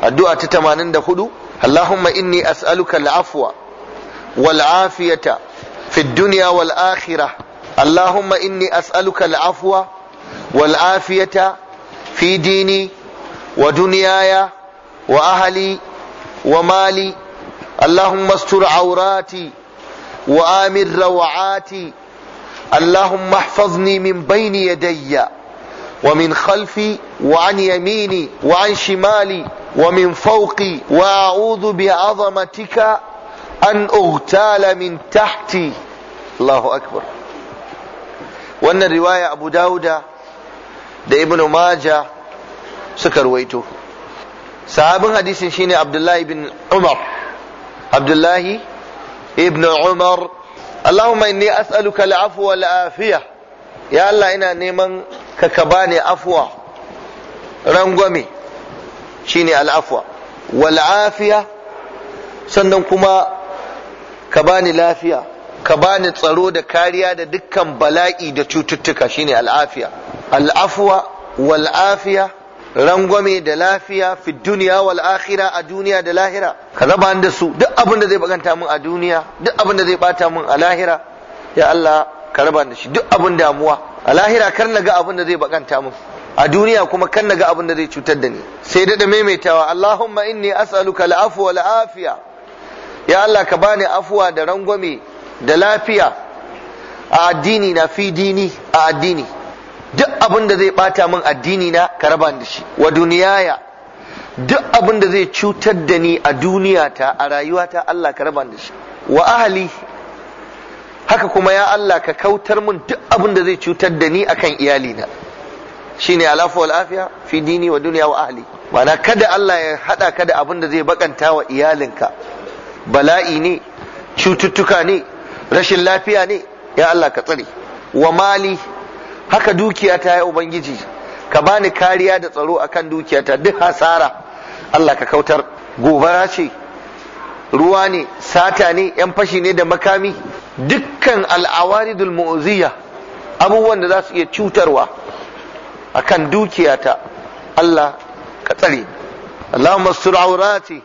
addu'a ta 84 Allahumma inni as'aluka al-afwa wal afiyata fi dunya wal akhirah Allahumma inni as'aluka al-afwa wal afiyata fi dini wa dunyaya wa ahli wa mali Allahumma astur awrati wa amir rawati Allahumma ihfazni min bayni yadayya ومن خلفي وعن يميني وعن شمالي Wa فوقي وأعوذ بعظمتك أن أغتال من تحتي الله أكبر وأن الرواية أبو داود da Ibn Majah suka ruwaito sahabin hadisin shine Abdullahi ibn Umar Abdullahi ibn Umar Allahumma inni as'aluka al'afwa wal afiya ya ina neman ka ka bani afwa rangwame shine al'afwa wal afiya sannan kuma ka bani lafiya ka bani tsaro da kariya da dukkan bala'i da cututtuka shine al'afiya al'afwa wal afiya rangwame da lafiya fi duniya wal akhira a duniya da lahira ka raba da su duk abin da zai baganta mun a duniya duk abin da zai bata mun a lahira ya Allah ka raba da shi duk abin damuwa a lahira kar na ga abin da zai baganta mun a duniya kuma kan naga abin da zai cutar da ni sai da maimaitawa Allahumma inni as'aluka al'afu wal afiya ya Allah ka bani afuwa da rangwame da lafiya a addini na fi dini a addini duk abin da zai bata min addini na ka raba da shi wa duniyaya duk abin da zai cutar da ni a duniya ta, a rayuwa ta, Allah ka raba da shi wa ahli haka kuma ya Allah ka kautar min duk abin da zai cutar da ni akan iyalina shine alafu wal afiya fi dini wa dunya wa ahli ma'ana kada Allah ya hada ka da abin da zai bakanta wa iyalinka bala'i ne cututtuka ne rashin lafiya ne ya Allah ka tsare wa mali haka dukiyata ya ubangiji ka bani kariya da tsaro akan dukiyata duk hasara Allah ka kautar gobara ce ruwa ne sata ne yan fashi ne da makami dukkan al'awaridul mu'ziya abubuwan da za su iya cutarwa akan dukiyata Allah ka tsare Allahumma sur aurati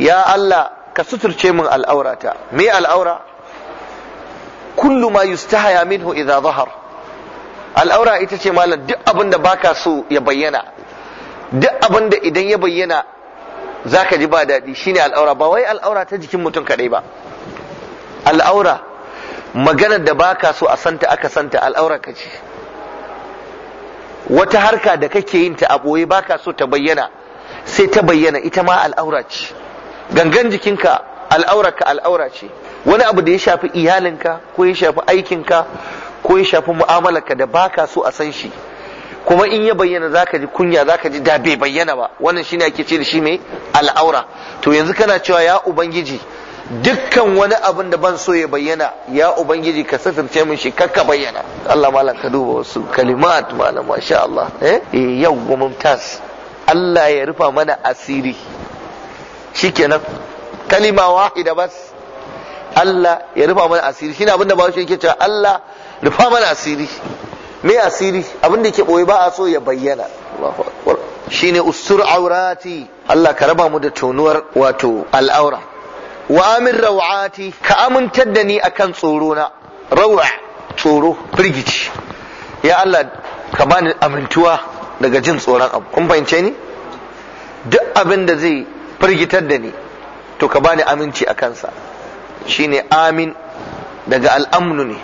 ya Allah ka suturce min al'aurata me al'aura kullu ma yustahaya minhu idza zahar al'aura ita ce malam duk abin da baka so ya bayyana duk abin da idan ya bayyana zaka ji ba daɗi shine al'aura ba wai al'aura ta jikin mutum kaɗai ba al'aura maganar da baka so a santa aka santa al'aura ka ce wata harka da kake yin ta a boye baka so ta bayyana sai ta bayyana ita ma al'aura ce gangan jikinka ka al'aura ce wani abu da ya shafi iyalinka ko ya shafi aikinka ko ya shafi mu'amalarka da baka so a san shi kuma in ya bayyana zaka ji kunya zaka ji da bai bayyana ba wannan shine ake ce da shi mai al'aura to yanzu kana cewa ya ubangiji dukkan wani abin da ban so ya bayyana ya ubangiji ka sasance min shi kakka bayyana Allah malam ka duba wasu kalimat malam masha Allah eh, eh yau mumtaz Allah ya rufa mana asiri shikenan kalima wahida bas Allah ya rufa mana asiri shine abin da shi yake cewa Allah rufa mana asiri me asiri abin da yake boye ba a so ya bayyana Allahu akbar shine ustur aurati Allah ka raba mu da tonuwar wato al'aura wa amin rawati ka amintar da ni akan tsoro na rawa tsoro firgici ya Allah ka bani amintuwa daga jin tsoron abu kun fahimce ni duk abin da zai firgitar da ni to ka bani aminci a kansa shine amin daga al'amnu ne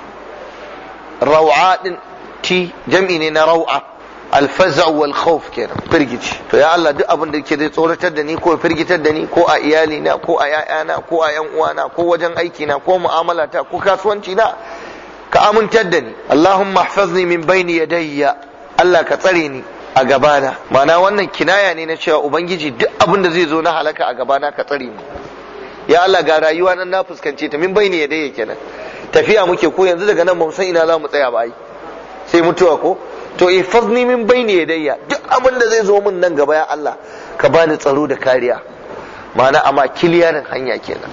rawa ɗin ti jam'i ne na rawa alfaza wal khauf kenan firgici to ya Allah duk abin da yake zai tsoratar da ni ko firgitar da ni ko a iyali na ko a 'ya'yana ko a yan uwana ko wajen aiki na ko mu'amala ta ko kasuwanci na ka amintar da ni Allahumma ihfazni min bayni yadayya Allah ka tsare ni a gabana ma'ana wannan kinaya ne na cewa ubangiji duk abin da zai zo na halaka a gabana ka tsare ni ya Allah ga rayuwa nan na fuskance ta min bayni yadayya kenan tafiya muke ko yanzu daga nan ba mu san ina za mu tsaya ba ai sai mutuwa ko to e fazni min bayni yadayya duk abin da zai zo min nan gaba ya Allah ka bani tsaro da kariya ma'ana amma kiliyarin hanya kenan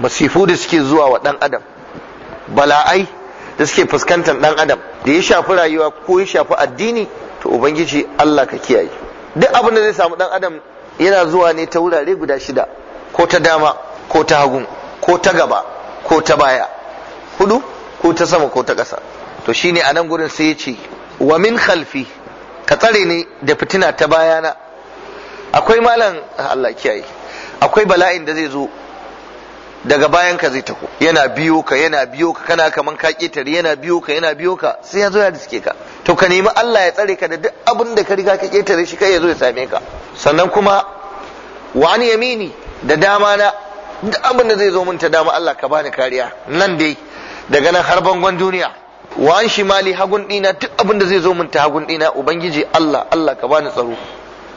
masifu da suke zuwa wa dan adam bala'ai da suke fuskantar dan adam da ya shafi rayuwa ko ya shafi addini to ubangiji Allah ka kiyaye duk abin da zai samu dan adam yana zuwa ne ta wurare guda shida ko ta dama ko ta hagu ko ta gaba ko ta baya hudu ko ta sama ko ta ƙasa to shine a nan gurin sai ya ce wa min khalfi ka tsare ni da fitina ta bayana akwai malam ah, Allah kiyaye akwai bala'in da zai zo daga bayan ka zai tako yana biyo ka yana biyo ka kana kaman ka ketare yana biyo ka yana biyo ka sai ya zo ya riske ka to ka nemi Allah ya tsare ka da duk abin da ka riga ka ketare shi kai ya zo ya same ka sannan kuma wa an yamini da dama na duk abin da zai zo mun ta dama Allah ka bani kariya nan dai daga nan har bangon duniya wa an mali hagun dina duk abin da zai zo min ta hagun dina ubangiji Allah Allah ka bani tsaro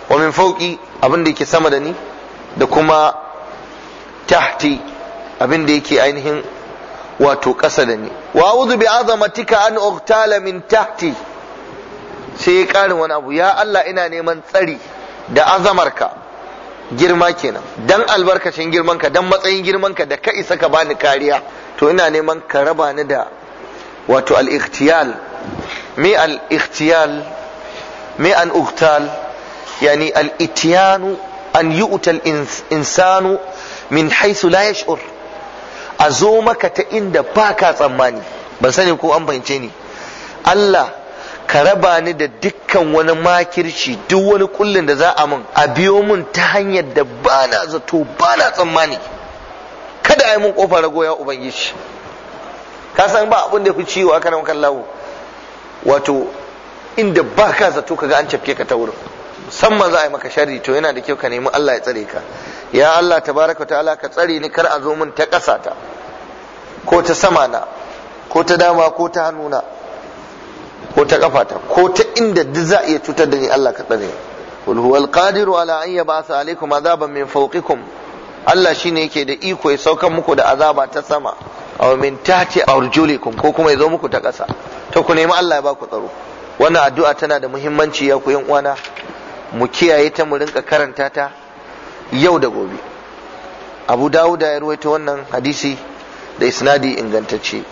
wa min fauki abin da yake sama da ni da kuma tahti abin da yake ainihin wato ƙasa da ni wa a'udhu bi azamatika an uqtala min tahti sai ya karin wani abu ya Allah ina neman tsari da azamarka girma kenan dan albarkacin girmanka dan matsayin girmanka da ka isa ka bani kariya to ina neman ka raba ni da wato al-ikhtiyal me al me an uktal yani al-itiyanu an utal insanu min haisu la yash'ur a zo maka ta inda baka tsammani ban sani ko an bance ni Allah ka raba ni da dukkan wani makirci duk wani kullin da za a mun a biyo mun ta hanyar da bana zato bana tsammani kada a yi mun kofar ragoya ubangiji ka san ba abin da fi ciwo aka nan kallahu wato inda ba ka zato kaga an cafke ka ta wurin musamman za a yi maka sharri to yana da kyau ka nemi Allah ya tsare ka ya Allah tabaraka ta'ala ka tsare ni kar a zo mun ta ƙasa ta ko ta sama na ko ta dama ko ta hannuna ko ta ta, ko ta inda duk za a iya cutar da ni Allah ka tsare kul huwal qadiru ala an yab'atha alaykum azaban min fawqikum Allah shine yake da iko ya saukar muku da azaba ta sama aw min tahti arjulikum ko kuma yazo muku ta ƙasa to ku nemi Allah ya baku tsaro wannan addu'a tana da muhimmanci ya ku yan uwana mu kiyaye ta mu rinka karanta ta yau da gobe abu dawuda ya ruwaito wannan hadisi da isnadi ingantacce